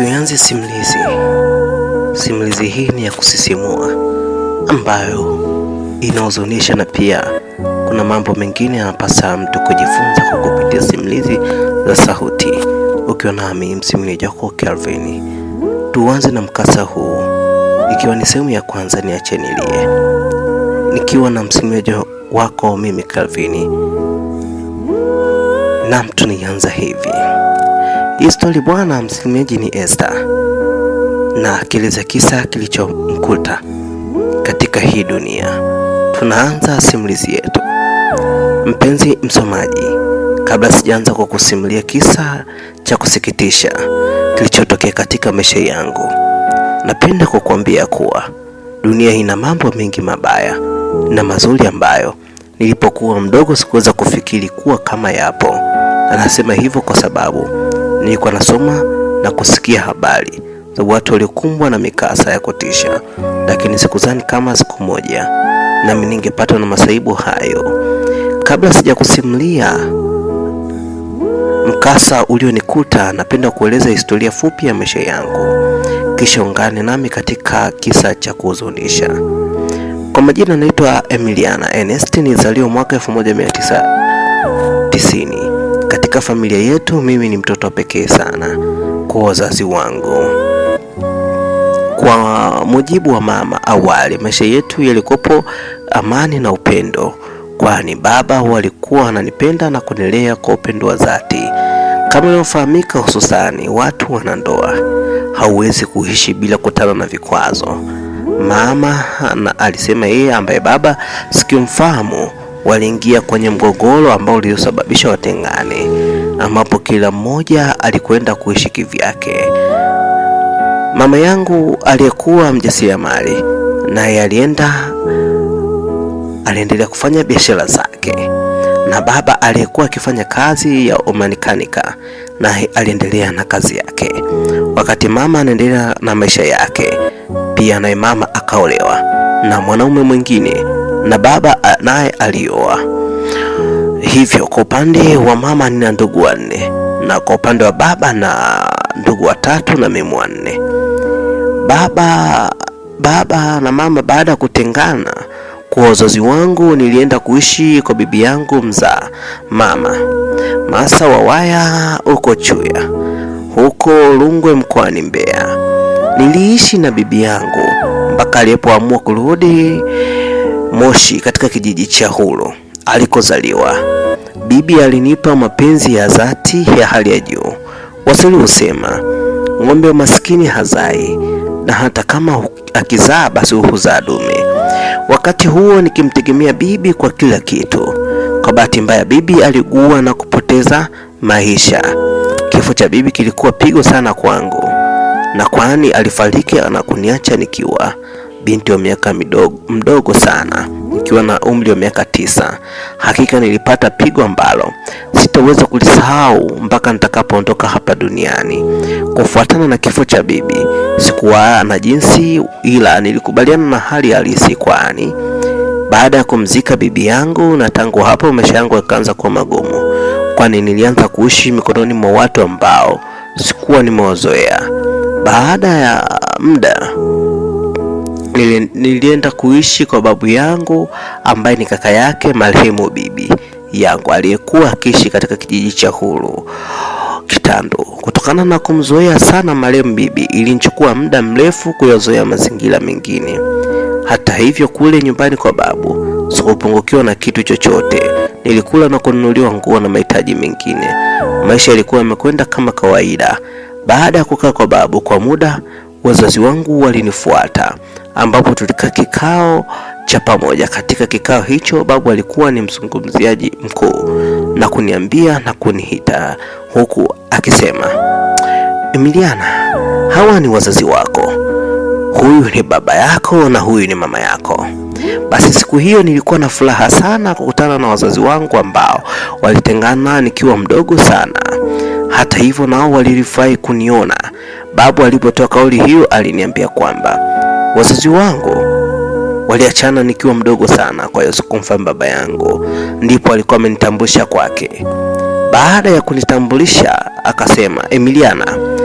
Tuianze simulizi. Simulizi hii ni ya kusisimua ambayo inahuzunisha na pia kuna mambo mengine yanapasa mtu kujifunza kwa kupitia simulizi za sauti, ukiwa nami msimulizi wako Kelvin. Tuanze na mkasa huu, ikiwa ni sehemu ya kwanza, niache nilie nikiwa na msimulizi wako mimi Kelvin. Nam, tunaianza hivi. Hii stori bwana msikilizaji ni Esther, na akieleza kisa kilichomkuta katika hii dunia. Tunaanza simulizi yetu. Mpenzi msomaji, kabla sijaanza kwa kusimulia kisa cha kusikitisha kilichotokea katika maisha yangu, napenda kukuambia kuwa dunia ina mambo mengi mabaya na mazuri ambayo nilipokuwa mdogo sikuweza kufikiri kuwa kama yapo. Anasema hivyo kwa sababu nilikuwa nasoma na kusikia habari za watu waliokumbwa na mikasa ya kutisha, lakini sikuzani kama siku moja nami ningepatwa na masaibu hayo. Kabla sijakusimulia mkasa ulionikuta, napenda kueleza historia fupi ya maisha yangu, kisha ungane nami katika kisa cha kuhuzunisha. Kwa majina, naitwa Emiliana Ernest, nizaliwa mwaka 1990 katika familia yetu mimi ni mtoto pekee sana kwa wazazi wangu. Kwa mujibu wa mama, awali maisha yetu yalikuwepo amani na upendo, kwani baba walikuwa wananipenda ananipenda na kunilea kwa upendo wa dhati. Kama inavyofahamika, hususani watu wanandoa, hauwezi kuishi bila kutana na vikwazo. Mama na alisema yeye, ambaye baba sikimfahamu waliingia kwenye mgogoro ambao uliosababisha watengane, ambapo kila mmoja alikwenda kuishi kivyake. Mama yangu aliyekuwa mjasiriamali naye alienda aliendelea kufanya biashara zake, na baba aliyekuwa akifanya kazi ya umanikanika naye aliendelea na kazi yake, wakati mama anaendelea na maisha yake. Pia naye mama akaolewa na mwanaume mwingine na baba naye alioa. Hivyo kwa upande wa mama nina ndugu wanne na kwa upande wa baba na ndugu watatu na mimi wanne. Baba baba na mama baada ya kutengana kwa wazazi wangu, nilienda kuishi kwa bibi yangu mzaa mama Masa Wawaya huko Chuya, huko Rungwe mkoani Mbeya. Niliishi na bibi yangu mpaka alipoamua kurudi Moshi katika kijiji cha Hulu alikozaliwa. Bibi alinipa mapenzi ya dhati ya hali ya juu. Waswahili husema ng'ombe wa maskini hazai, na hata kama akizaa basi huzaa dume. Wakati huo nikimtegemea bibi kwa kila kitu. Kwa bahati mbaya, bibi aliugua na kupoteza maisha. Kifo cha bibi kilikuwa pigo sana kwangu, na kwani alifariki na kuniacha nikiwa binti wa miaka midogo, mdogo sana nikiwa na umri wa miaka tisa. Hakika nilipata pigo ambalo sitaweza kulisahau mpaka nitakapoondoka hapa duniani. Kufuatana na kifo cha bibi, sikuwa na jinsi, ila nilikubaliana na hali halisi, kwani baada ya kumzika bibi yangu, na tangu hapo maisha yangu yakaanza kuwa magumu, kwani nilianza kuishi mikononi mwa watu ambao sikuwa nimewazoea. Baada ya muda nilienda kuishi kwa babu yangu ambaye ni kaka yake marehemu bibi yangu aliyekuwa akiishi katika kijiji cha huru Kitando. Kutokana na kumzoea sana marehemu bibi, ilinichukua muda mrefu kuyazoea mazingira mengine. Hata hivyo, kule nyumbani kwa babu sikupungukiwa na kitu chochote. Nilikula na kununuliwa nguo na mahitaji mengine. Maisha yalikuwa yamekwenda kama kawaida. Baada ya kukaa kwa babu kwa muda, wazazi wangu walinifuata ambapo tulikaa kikao cha pamoja. Katika kikao hicho, babu alikuwa ni mzungumziaji mkuu na kuniambia na kunihita huku akisema, Emiliana, hawa ni wazazi wako, huyu ni baba yako na huyu ni mama yako. Basi siku hiyo nilikuwa na furaha sana kukutana na wazazi wangu ambao walitengana nikiwa mdogo sana. Hata hivyo, nao walifurahi kuniona. Babu alipotoa kauli hiyo, aliniambia kwamba Wazazi wangu waliachana nikiwa mdogo sana, kwa hiyo sikumfahamu baba yangu, ndipo alikuwa amenitambulisha kwake. Baada ya kunitambulisha akasema, Emiliana